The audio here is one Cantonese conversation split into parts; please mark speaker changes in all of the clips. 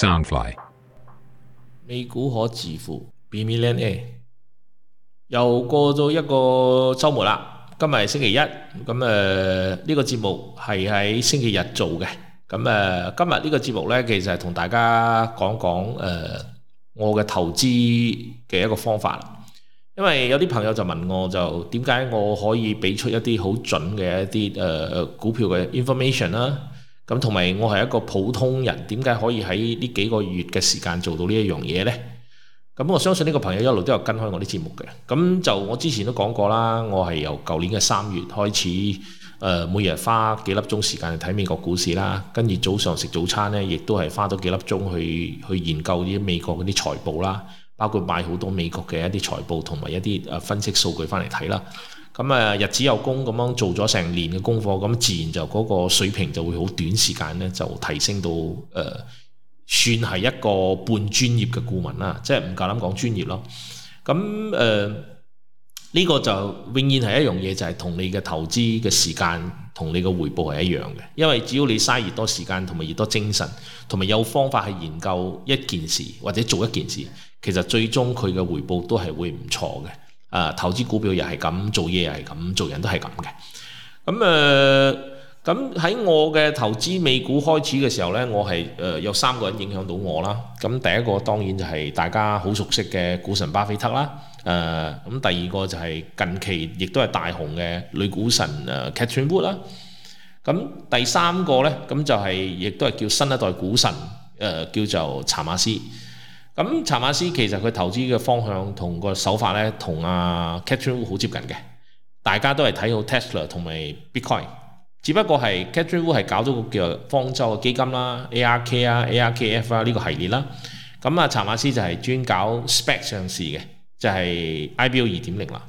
Speaker 1: Soundfly 美股可致富。Billion A 又過咗一個週末啦，今日星期一，咁誒呢個節目係喺星期日做嘅，咁誒、呃、今日呢個節目咧，其實係同大家講講誒我嘅投資嘅一個方法啦，因為有啲朋友就問我就，就點解我可以畀出一啲好準嘅一啲誒、呃、股票嘅 information 呢？咁同埋我係一個普通人，點解可以喺呢幾個月嘅時間做到呢一樣嘢呢？咁我相信呢個朋友一路都有跟開我啲節目嘅。咁就我之前都講過啦，我係由舊年嘅三月開始，呃、每日花幾粒鐘時,時間去睇美國股市啦，跟住早上食早餐呢，亦都係花咗幾粒鐘去去研究啲美國嗰啲財報啦，包括買好多美國嘅一啲財報同埋一啲誒分析數據翻嚟睇啦。咁誒，日子有功，咁樣做咗成年嘅功課，咁自然就嗰個水平就會好短時間呢，就提升到誒、呃、算係一個半專業嘅顧問啦，即係唔夠膽講專業咯。咁誒呢個就永遠係一樣嘢，就係同你嘅投資嘅時間同你嘅回報係一樣嘅，因為只要你嘥越多時間同埋越多精神，同埋有方法去研究一件事或者做一件事，其實最終佢嘅回報都係會唔錯嘅。啊！投資股票又係咁，做嘢又係咁，做人都係咁嘅。咁誒，咁、呃、喺我嘅投資美股開始嘅時候呢，我係誒、呃、有三個人影響到我啦。咁第一個當然就係大家好熟悉嘅股神巴菲特啦。誒、呃，咁第二個就係近期亦都係大紅嘅女股神誒 Catherine Wood 啦。咁第三個呢，咁就係亦都係叫新一代股神誒、呃，叫做查馬斯。咁查馬斯其實佢投資嘅方向同個手法咧，同啊 Cathie Wood 好接近嘅，大家都係睇好 Tesla 同埋 Bitcoin，只不過係 Cathie Wood 係搞咗個叫做方舟嘅基金啦，ARK 啊 ARKF 啊呢個系列啦，咁啊查馬斯就係專搞 SPAC 上市嘅，就係、是、IPO 二點零啦，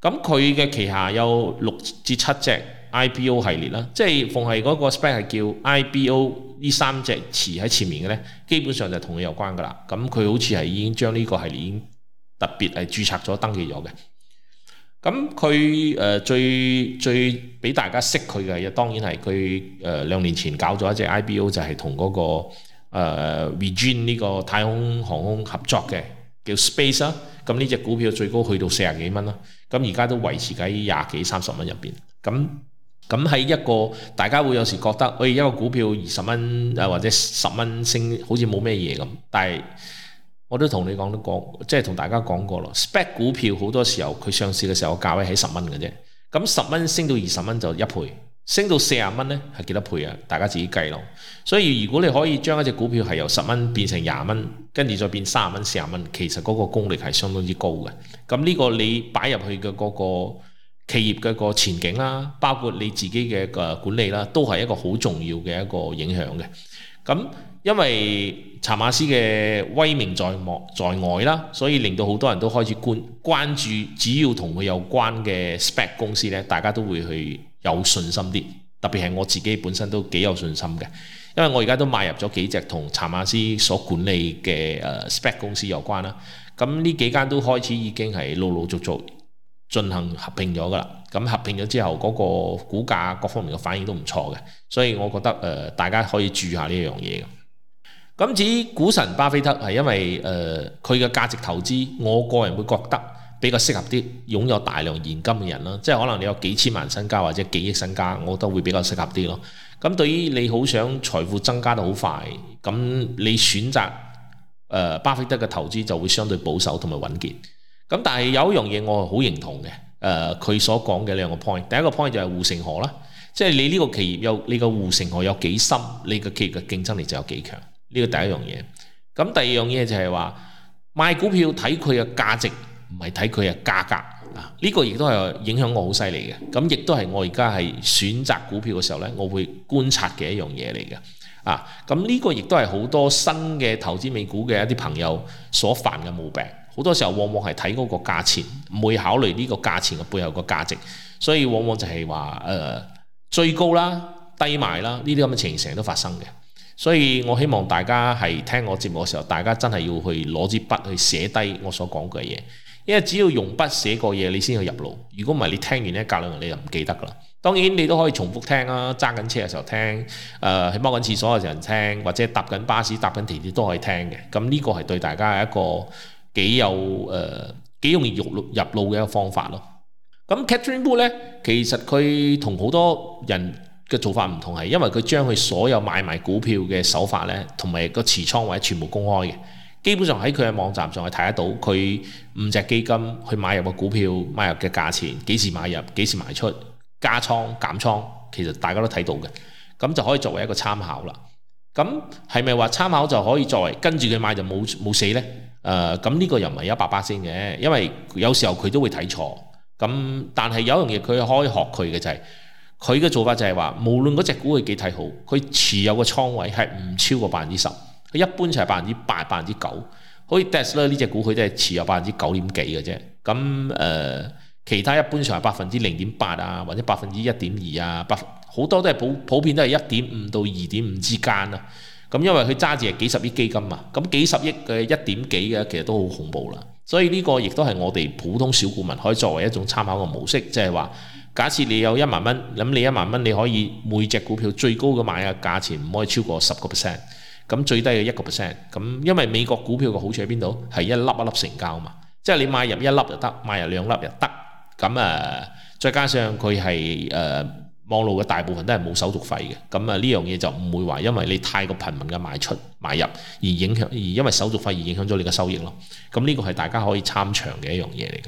Speaker 1: 咁佢嘅旗下有六至七隻。IPO 系列啦，即係逢係嗰個 spec 係叫 IPO 呢三隻詞喺前面嘅呢，基本上就同佢有關噶啦。咁佢好似係已經將呢個系列已經特別係註冊咗、登記咗嘅。咁佢誒最最俾大家識佢嘅，當然係佢誒兩年前搞咗一隻 IPO，就係同嗰個、呃、Virgin 呢個太空航空合作嘅，叫 Space、啊。咁呢隻股票最高去到四十幾蚊啦，咁而家都維持喺廿幾三十蚊入邊。咁咁喺一個大家會有時覺得，喂、哎、一個股票二十蚊，誒、啊、或者十蚊升，好似冇咩嘢咁。但係我都同你講都講，即係同大家講過咯。SPAC 股票好多時候佢上市嘅時候價位喺十蚊嘅啫，咁十蚊升到二十蚊就一倍，升到四十蚊呢係幾多倍啊？大家自己計咯。所以如果你可以將一隻股票係由十蚊變成廿蚊，跟住再變三十蚊、四十蚊，其實嗰個功力係相當之高嘅。咁呢個你擺入去嘅嗰、嗰個。企業嘅個前景啦，包括你自己嘅管理啦，都係一個好重要嘅一個影響嘅。咁因為查馬斯嘅威名在幕在外啦，所以令到好多人都開始關關注，只要同佢有關嘅 SPAC 公司咧，大家都會去有信心啲。特別係我自己本身都幾有信心嘅，因為我而家都買入咗幾隻同查馬斯所管理嘅誒 SPAC 公司有關啦。咁呢幾間都開始已經係陸陸續續，進行合併咗噶啦，咁合併咗之後，嗰、那個股價各方面嘅反應都唔錯嘅，所以我覺得誒、呃、大家可以注意下呢樣嘢。咁至於股神巴菲特係因為誒佢嘅價值投資，我個人會覺得比較適合啲擁有大量現金嘅人啦，即係可能你有幾千萬身家或者幾億身家，我都會比較適合啲咯。咁對於你好想財富增加得好快，咁你選擇、呃、巴菲特嘅投資就會相對保守同埋穩健。咁但係有一樣嘢我好認同嘅，誒，佢所講嘅兩個 point，第一個 point 就係護城河啦，即係你呢個企業有你個護城河有幾深，你個企業嘅競爭力就有幾強，呢個第一樣嘢。咁第二樣嘢就係話賣股票睇佢嘅價值，唔係睇佢嘅價格啊，呢個亦都係影響我好犀利嘅，咁亦都係我而家係選擇股票嘅時候呢，我會觀察嘅一樣嘢嚟嘅。啊，咁呢個亦都係好多新嘅投資美股嘅一啲朋友所犯嘅毛病。好多時候往往係睇嗰個價錢，唔會考慮呢個價錢嘅背後個價值，所以往往就係話誒最高啦、低賣啦呢啲咁嘅情形成日都發生嘅。所以我希望大家係聽我節目嘅時候，大家真係要去攞支筆去寫低我所講嘅嘢，因為只要用筆寫過嘢，你先去入腦。如果唔係，你聽完呢隔兩日你就唔記得㗎啦。當然你都可以重複聽啦、啊，揸緊車嘅時候聽，誒、呃、去踎緊廁所嘅時候聽，或者搭緊巴士、搭緊地鐵都可以聽嘅。咁呢個係對大家係一個，幾有誒幾、呃、容易入路入路嘅一個方法咯。咁 Catherine Wood 咧，其實佢同好多人嘅做法唔同，係因為佢將佢所有買埋股票嘅手法咧，同埋個持倉位全部公開嘅。基本上喺佢嘅網站上係睇得到佢五隻基金去買入嘅股票、買入嘅價錢、幾時買入、幾時賣出、加倉減倉，其實大家都睇到嘅，咁就可以作為一個參考啦。咁係咪話參考就可以作為跟住佢買就冇冇死呢？誒咁呢個又唔係一百八先嘅，因為有時候佢都會睇錯。咁但係有一樣嘢佢可以學佢嘅就係、是，佢嘅做法就係話，無論嗰隻股佢幾睇好，佢持有嘅倉位係唔超過百分之十。佢一般就係百分之八、百分之九。好似 Dash 咧呢隻股佢都係持有百分之九點幾嘅啫。咁誒、呃，其他一般就係百分之零點八啊，或者百分之一點二啊，百好多都係普普遍都係一點五到二點五之間啦。咁因為佢揸住係幾十億基金嘛，咁幾十億嘅一點幾嘅其實都好恐怖啦。所以呢個亦都係我哋普通小股民可以作為一種參考嘅模式，即係話，假設你有一萬蚊，咁你一萬蚊你可以每隻股票最高嘅買嘅價錢唔可以超過十個 percent，咁最低嘅一個 percent。咁因為美國股票嘅好處喺邊度？係一粒一粒成交嘛，即係你買入一粒就得，買入兩粒又得。咁啊，再加上佢係誒。呃網路嘅大部分都係冇手續費嘅，咁啊，呢樣嘢就唔會話因為你太過頻密嘅賣出買入而影響，而因為手續費而影響咗你嘅收益咯。咁呢個係大家可以參詳嘅一樣嘢嚟嘅。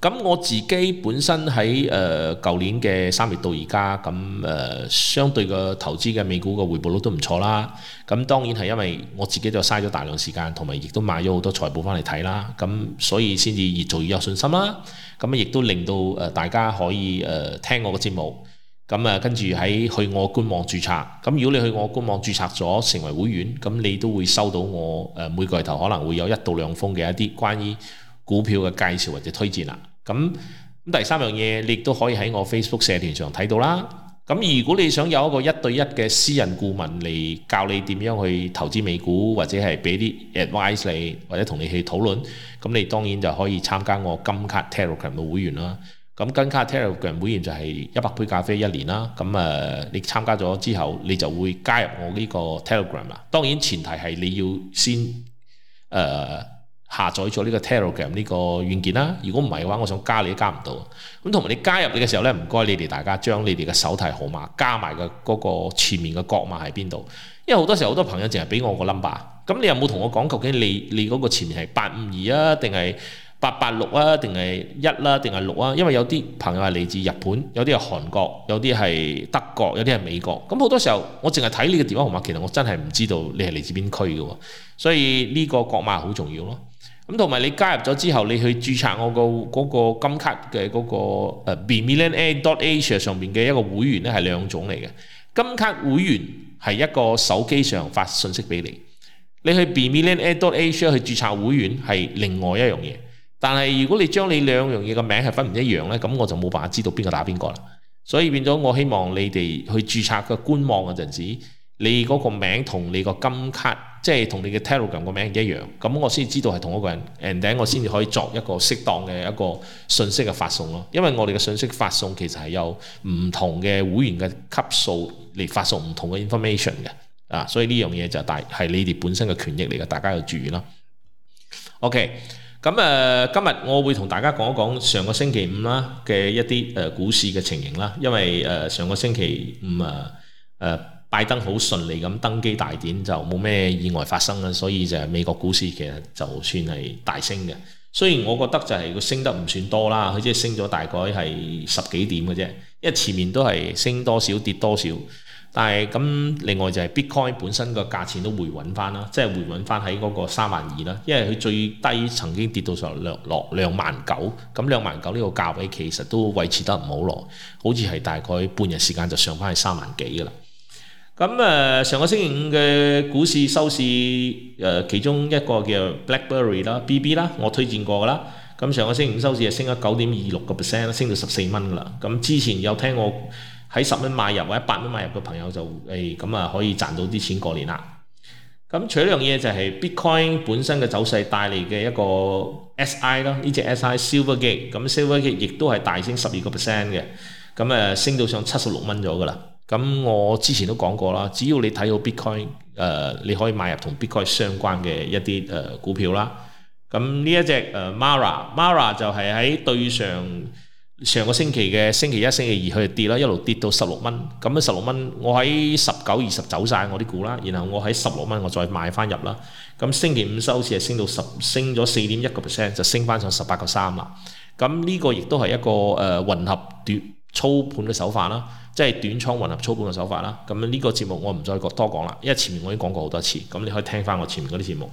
Speaker 1: 咁我自己本身喺誒舊年嘅三月到而家，咁誒、呃、相對嘅投資嘅美股嘅回報率都唔錯啦。咁當然係因為我自己就嘥咗大量時間，同埋亦都買咗好多財報翻嚟睇啦。咁所以先至越做越有信心啦。咁啊，亦都令到誒大家可以誒、呃、聽我嘅節目。咁啊，跟住喺去我官網註冊。咁如果你去我官網註冊咗成為會員，咁你都會收到我誒每個月頭可能會有一到兩封嘅一啲關於股票嘅介紹或者推薦啦。咁第三樣嘢，你亦都可以喺我 Facebook 社團上睇到啦。咁如果你想有一個一對一嘅私人顧問嚟教你點樣去投資美股或者係俾啲 advice 你，或者同你去討論，咁你當然就可以參加我金卡 Telegram 嘅會員啦。咁跟卡 Telegram 每年就係一百杯咖啡一年啦。咁誒、呃，你參加咗之後，你就會加入我呢個 Telegram 啦。當然前提係你要先誒、呃、下載咗呢個 Telegram 呢個軟件啦。如果唔係嘅話，我想加你都加唔到。咁同埋你加入你嘅時候咧，唔該你哋大家將你哋嘅手提號碼加埋嘅嗰個前面嘅角碼喺邊度？因為好多時候好多朋友淨係俾我個 number，咁你有冇同我講究竟你你嗰個前面係八五二啊定係？八八六啊，定係一啦，定係六啊，因為有啲朋友係嚟自日本，有啲係韓國，有啲係德國，有啲係美國。咁好多時候我淨係睇你嘅電話號碼，其實我真係唔知道你係嚟自邊區嘅。所以呢個國碼好重要咯。咁同埋你加入咗之後，你去註冊我個嗰個金卡嘅嗰個誒 b millionaire dot asia 上面嘅一個會員咧，係兩種嚟嘅。金卡會員係一個手機上發信息俾你，你去 b millionaire dot asia 去註冊會員係另外一樣嘢。但係如果你將你兩樣嘢個名係分唔一樣呢，咁我就冇辦法知道邊個打邊個啦。所以變咗我希望你哋去註冊嘅官網嗰陣時，你嗰個名同你個金卡，即係同你嘅 Telegram 個名一樣，咁我先知道係同一個人，and then 我先至可以作一個適當嘅一個信息嘅發送咯。因為我哋嘅信息發送其實係有唔同嘅會員嘅級數嚟發送唔同嘅 information 嘅，啊，所以呢樣嘢就大係你哋本身嘅權益嚟嘅，大家要注意啦。OK。咁誒，今日我會同大家講一講上個星期五啦嘅一啲誒股市嘅情形啦，因為誒上個星期五啊誒拜登好順利咁登基大典就冇咩意外發生啦，所以就係美國股市其實就算係大升嘅，雖然我覺得就係佢升得唔算多啦，佢只係升咗大概係十幾點嘅啫，因為前面都係升多少跌多少。但係咁，另外就係 Bitcoin 本身個價錢都回穩翻啦，即係回穩翻喺嗰個三萬二啦。因為佢最低曾經跌到上落兩兩萬九，咁兩萬九呢個價位其實都維持得唔好耐，好似係大概半日時間就上翻去三萬幾噶啦。咁誒、呃，上個星期五嘅股市收市誒、呃，其中一個叫 Blackberry 啦，BB 啦，我推薦過噶啦。咁上個星期五收市係升咗九點二六個 percent，升到十四蚊啦。咁之前有聽我，喺十蚊買入或者百蚊買入嘅朋友就，誒咁啊，可以賺到啲錢過年啦。咁除咗樣嘢就係 Bitcoin 本身嘅走勢帶嚟嘅一個 SI 咯，呢隻 SI Silvergate，咁 Silvergate 亦都係大升十二個 percent 嘅，咁誒升到上七十六蚊咗㗎啦。咁我之前都講過啦，只要你睇好 Bitcoin 誒、呃，你可以買入同 Bitcoin 相關嘅一啲誒、呃、股票啦。咁呢一隻誒、呃、Mara Mara 就係喺對上。上個星期嘅星期一、星期二佢就跌啦，一路跌到十六蚊。咁樣十六蚊，我喺十九、二十走晒我啲股啦。然後我喺十六蚊，我再買翻入啦。咁星期五收市係升到十，升咗四點一個 percent，就升翻上十八個三啦。咁呢個亦都係一個誒混合短操盤嘅手法啦，即係短倉混合操盤嘅手法啦。咁呢個節目我唔再多講啦，因為前面我已經講過好多次，咁你可以聽翻我前面嗰啲節目。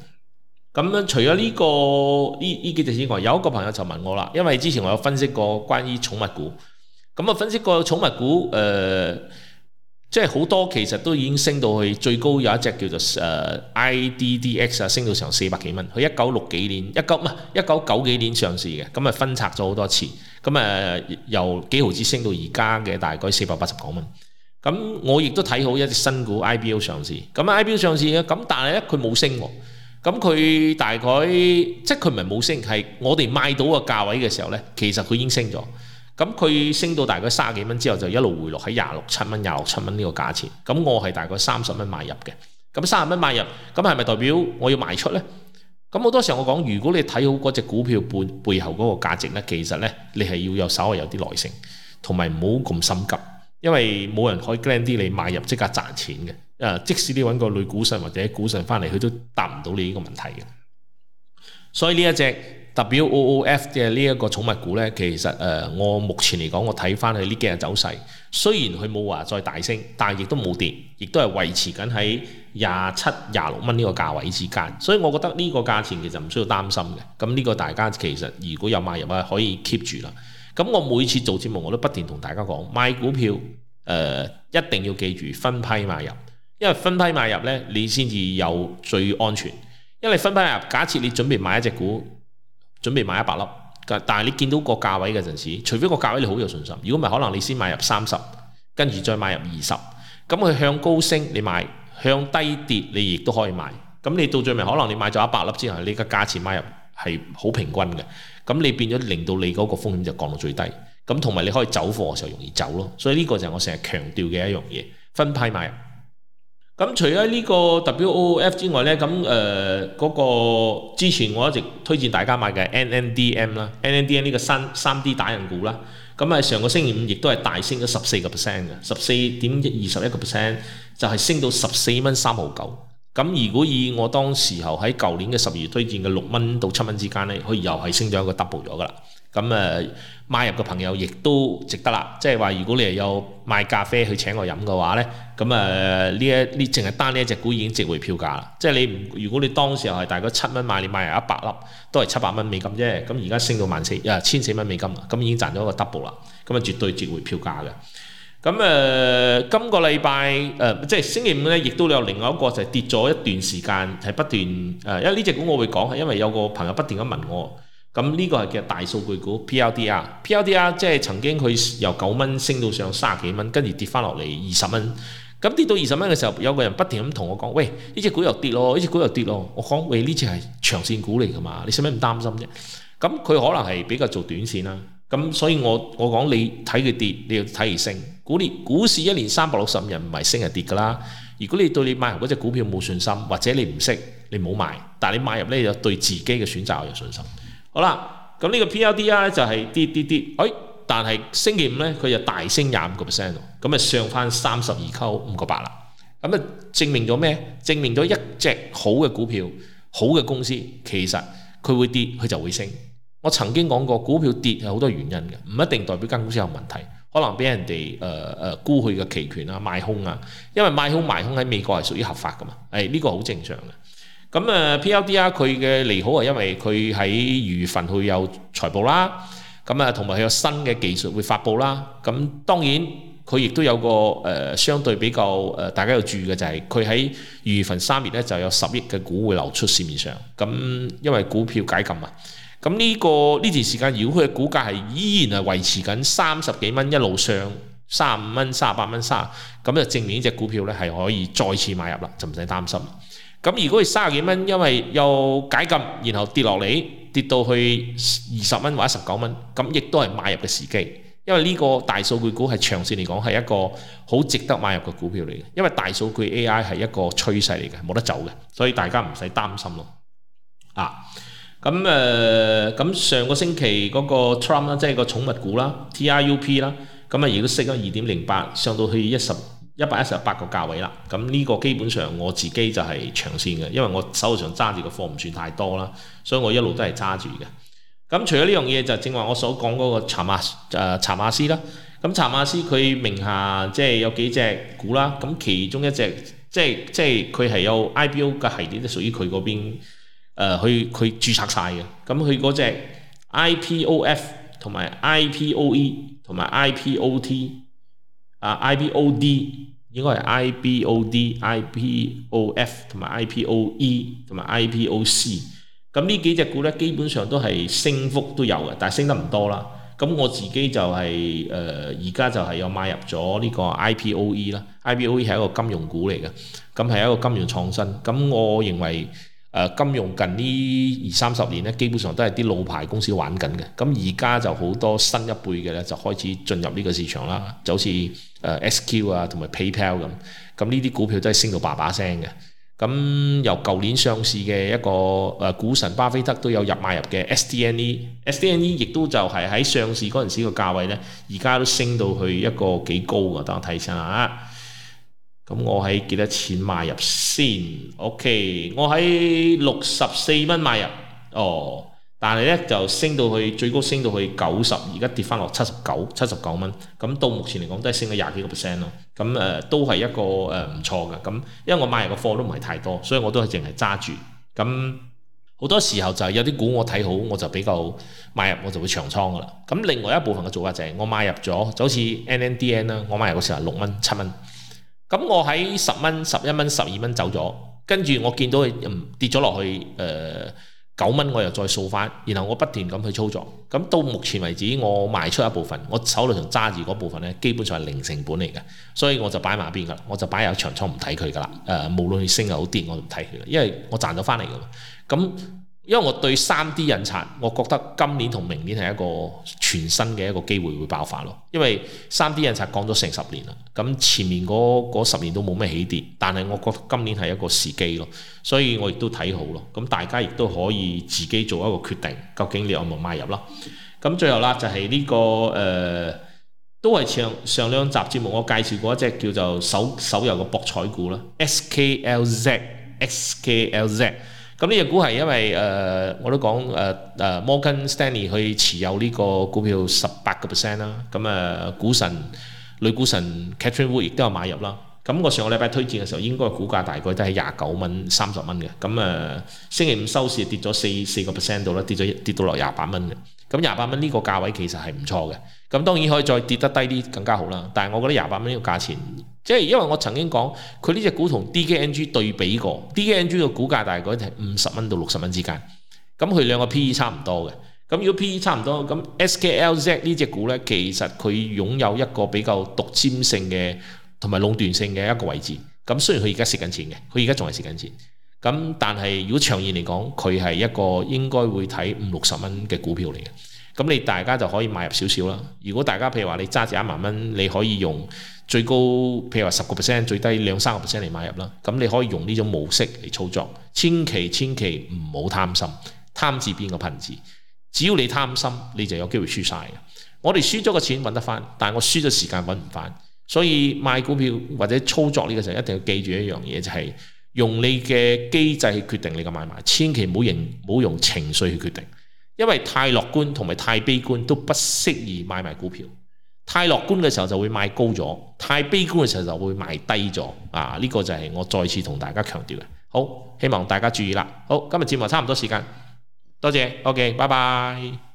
Speaker 1: 咁樣除咗呢、這個呢呢幾隻之外，有一個朋友就問我啦，因為之前我有分析過關於寵物股，咁啊分析過寵物股，誒、呃、即係好多其實都已經升到去最高，有一隻叫做誒 IDDX 啊，呃、IDDX，升到成四百幾蚊。佢一九六幾年一九唔係一九九幾年上市嘅，咁啊分拆咗好多次，咁啊由幾毫子升到而家嘅大概四百八十九蚊。咁我亦都睇好一隻新股 IBO 上市，咁 IBO 上市嘅，咁但係咧佢冇升。咁佢大概即係，佢唔係冇升，係我哋買到個價位嘅時候咧，其實佢已經升咗。咁佢升到大概三十幾蚊之後，就一路回落喺廿六七蚊、廿六七蚊呢個價錢。咁我係大概三十蚊買入嘅。咁三十蚊買入，咁係咪代表我要賣出咧？咁好多時候我講，如果你睇好嗰隻股票背背後嗰個價值咧，其實咧你係要有稍為有啲耐性，同埋唔好咁心急，因為冇人可以 grant 啲你買入即刻賺錢嘅。即使你揾個女股神或者股神翻嚟，佢都答唔到你呢個問題嘅。所以呢一隻 WOOF 嘅呢一個寵物股呢，其實誒，我目前嚟講，我睇翻佢呢幾日走勢，雖然佢冇話再大升，但係亦都冇跌，亦都係維持緊喺廿七、廿六蚊呢個價位之間。所以我覺得呢個價錢其實唔需要擔心嘅。咁呢個大家其實如果有買入啊，可以 keep 住啦。咁我每次做節目我都不斷同大家講，買股票誒、呃、一定要記住分批買入。因為分批買入呢，你先至有最安全。因為分批買入，假設你準備買一隻股，準備買一百粒，但係你見到個價位嘅陣時，除非個價位你好有信心，如果唔係，可能你先買入三十，跟住再買入二十，咁佢向高升你買，向低跌你亦都可以買。咁你到最尾可能你買咗一百粒之後，你個價錢買入係好平均嘅，咁你變咗令到你嗰個風險就降到最低。咁同埋你可以走貨嘅時候容易走咯。所以呢個就係我成日強調嘅一樣嘢，分批買入。咁除咗呢個 WOF 之外呢，咁誒嗰個之前我一直推薦大家買嘅 NNDM 啦，NNDM 呢個三三 D 打印股啦，咁啊上個星期五亦都係大升咗十四個 percent 嘅，十四點二十一個 percent 就係升到十四蚊三毫九。咁如果以我當時候喺舊年嘅十二月推薦嘅六蚊到七蚊之間呢，佢又係升咗一個 double 咗噶啦。咁啊、嗯，買入嘅朋友亦都值得啦，即係話如果你係有賣咖啡去請我飲嘅話咧，咁啊呢一呢淨係單呢一隻股已經值回票價啦。即係你唔如果你當時候係大概七蚊買，你買入一百粒都係七百蚊美金啫。咁而家升到萬四啊千四蚊美金啊，咁、嗯、已經賺咗一個 double 啦。咁、嗯、啊絕對值回票價嘅。咁、嗯、誒、呃、今個禮拜誒即係星期五咧，亦都有另外一個就係跌咗一段時間，係不斷誒、呃，因為呢隻股我會講係因為有個朋友不斷咁問我。咁呢個係叫大數據股 P L D R P L D R 即係曾經佢由九蚊升到上三十幾蚊，跟住跌翻落嚟二十蚊。咁跌到二十蚊嘅時候，有個人不停咁同我講：，喂，呢隻股又跌咯，呢隻股又跌咯。我講：喂，呢隻係長線股嚟㗎嘛，你使唔使咁擔心啫？咁佢可能係比較做短線啦。咁所以我我講你睇佢跌，你要睇佢升。股股市一年三百六十五日唔係升係跌㗎啦。如果你對你買入嗰隻股票冇信心，或者你唔識，你冇買。但係你買入咧，有對自己嘅選擇有信心。好啦，咁、這、呢個 P L D R、啊、就係、是、跌跌跌，哎，但係星期五咧佢就大升廿五個 percent，咁啊、嗯、上翻三十二勾五個八啦，咁啊證明咗咩？證明咗一隻好嘅股票、好嘅公司，其實佢會跌，佢就會升。我曾經講過，股票跌係好多原因嘅，唔一定代表間公司有問題，可能俾人哋誒誒沽佢嘅期權啊，賣空啊，因為賣空、買空喺美國係屬於合法㗎嘛，誒、哎、呢、這個好正常嘅。咁啊，PLDR 佢嘅利好係因為佢喺二月份佢有財報啦，咁啊，同埋佢有新嘅技術會發布啦。咁當然佢亦都有個誒、呃、相對比較誒、呃、大家要注意嘅就係佢喺二月份三月咧就有十億嘅股會流出市面上。咁因為股票解禁啊。咁呢、呢個呢段、呢個、時間，如果佢嘅股價係依然係維持緊三十幾蚊一路上三十五蚊、三十八蚊、三，咁就證明呢隻股票咧係可以再次買入啦，就唔使擔心。咁如果係三十幾蚊，因為又解禁，然後跌落嚟，跌到去二十蚊或者十九蚊，咁亦都係買入嘅時機，因為呢個大數據股係長線嚟講係一個好值得買入嘅股票嚟嘅，因為大數據 AI 係一個趨勢嚟嘅，冇得走嘅，所以大家唔使擔心咯。啊，咁誒，咁、呃、上個星期嗰個 Trump 啦，即係個寵物股啦，T R U P 啦，咁啊，亦都升咗二點零八，上到去一十一百一十八個價位啦，咁呢個基本上我自己就係長線嘅，因為我手頭上揸住嘅貨唔算太多啦，所以我一路都係揸住嘅。咁除咗呢樣嘢，就正、是、話我所講嗰個查馬誒、呃、查馬斯啦。咁查馬斯佢名下即係有幾隻股啦，咁其中一隻即係即係佢係有 IPO 嘅系列都屬於佢嗰邊誒，佢佢註冊曬嘅。咁佢嗰隻 IPOF 同埋 IPOE 同埋 IPOT。啊，I B O D 應該係 I B O D、I P O F 同埋 I P O E 同埋 I P O C，咁呢幾隻股咧、呃，基本上都係升幅都有嘅，但係升得唔多啦。咁我自己就係誒，而家就係有買入咗呢個 I P O E 啦，I P O E 係一個金融股嚟嘅，咁係一個金融創新。咁我認為誒金融近呢二三十年咧，基本上都係啲老牌公司玩緊嘅，咁而家就好多新一輩嘅咧就開始進入呢個市場啦，就好似～誒 SQ 啊，同埋 PayPal 咁，咁呢啲股票都係升到把把聲嘅。咁由舊年上市嘅一個誒、啊、股神巴菲特都有入買入嘅 STNE，STNE 亦 SD 都就係喺上市嗰陣時個價位呢，而家都升到去一個幾高嘅，等我睇下嚇。咁我喺幾多錢買入先？OK，我喺六十四蚊買入。哦。但係咧就升到去最高升到去九十，而家跌翻落七十九，七十九蚊。咁到目前嚟講都係升咗廿幾個 percent 咯。咁誒、嗯、都係一個誒唔錯嘅。咁、嗯、因為我買入嘅貨都唔係太多，所以我都係淨係揸住。咁、嗯、好多時候就係有啲股我睇好，我就比較買入，我就會長倉噶啦。咁、嗯、另外一部分嘅做法就係我買入咗就好似 NNDN 啦，我買入嘅時候六蚊七蚊。咁、嗯、我喺十蚊、十一蚊、十二蚊走咗，跟住我見到佢、嗯、跌咗落去誒。呃九蚊我又再掃翻，然後我不斷咁去操作，咁到目前為止我賣出一部分，我手度仲揸住嗰部分呢，基本上係零成本嚟嘅，所以我就擺埋邊噶啦，我就擺入長倉唔睇佢噶啦，誒、呃、無論佢升又好跌我都唔睇佢喇，因為我賺咗翻嚟噶嘛，咁、嗯。因為我對三 D 印刷，我覺得今年同明年係一個全新嘅一個機會會爆發咯。因為三 D 印刷講咗成十年啦，咁前面嗰十年都冇咩起跌，但係我覺得今年係一個時機咯，所以我亦都睇好咯。咁大家亦都可以自己做一個決定，究竟你有冇買入啦？咁最後啦、這個，就係呢個誒，都係上上兩集節目我介紹過一隻叫做手手遊嘅博彩股啦，SKLZ，SKLZ。SK 咁呢隻股係因為誒、呃，我都講誒誒 Morgan Stanley 去持有呢個股票十八個 percent 啦。咁、啊、誒、啊、股神、女股神 Catherine Wood 亦都有買入啦。咁、啊、我上個禮拜推薦嘅時候，應該股價大概都係廿九蚊、三十蚊嘅。咁誒星期五收市跌咗四四個 percent 到啦，跌咗跌，跌到落廿八蚊嘅。咁廿八蚊呢個價位其實係唔錯嘅。咁、啊、當然可以再跌得低啲更加好啦。但係我覺得廿八蚊呢個價錢。因為我曾經講佢呢隻股同 DKNG 對比過，DKNG 嘅股價大概係五十蚊到六十蚊之間。咁佢兩個 PE 差唔多嘅。咁如果 PE 差唔多，咁 SKLZ 呢隻股呢，其實佢擁有一個比較獨佔性嘅同埋壟斷性嘅一個位置。咁雖然佢而家蝕緊錢嘅，佢而家仲係蝕緊錢。咁但係如果長遠嚟講，佢係一個應該會睇五六十蚊嘅股票嚟嘅。咁你大家就可以買入少少啦。如果大家譬如話你揸住一萬蚊，你可以用。最高譬如話十個 percent，最低兩三個 percent 嚟買入啦。咁你可以用呢種模式嚟操作，千祈千祈唔好貪心，貪字邊個貧字？只要你貪心，你就有機會輸晒嘅。我哋輸咗個錢揾得翻，但係我輸咗時間揾唔翻。所以賣股票或者操作呢個時候，一定要記住一樣嘢，就係用你嘅機制去決定你嘅買賣，千祈唔好用唔好用情緒去決定，因為太樂觀同埋太悲觀都不適宜買賣股票。太樂觀嘅時候就會賣高咗，太悲觀嘅時候就會賣低咗。啊，呢個就係我再次同大家強調嘅。好，希望大家注意啦。好，今日節目差唔多時間，多謝。OK，拜拜。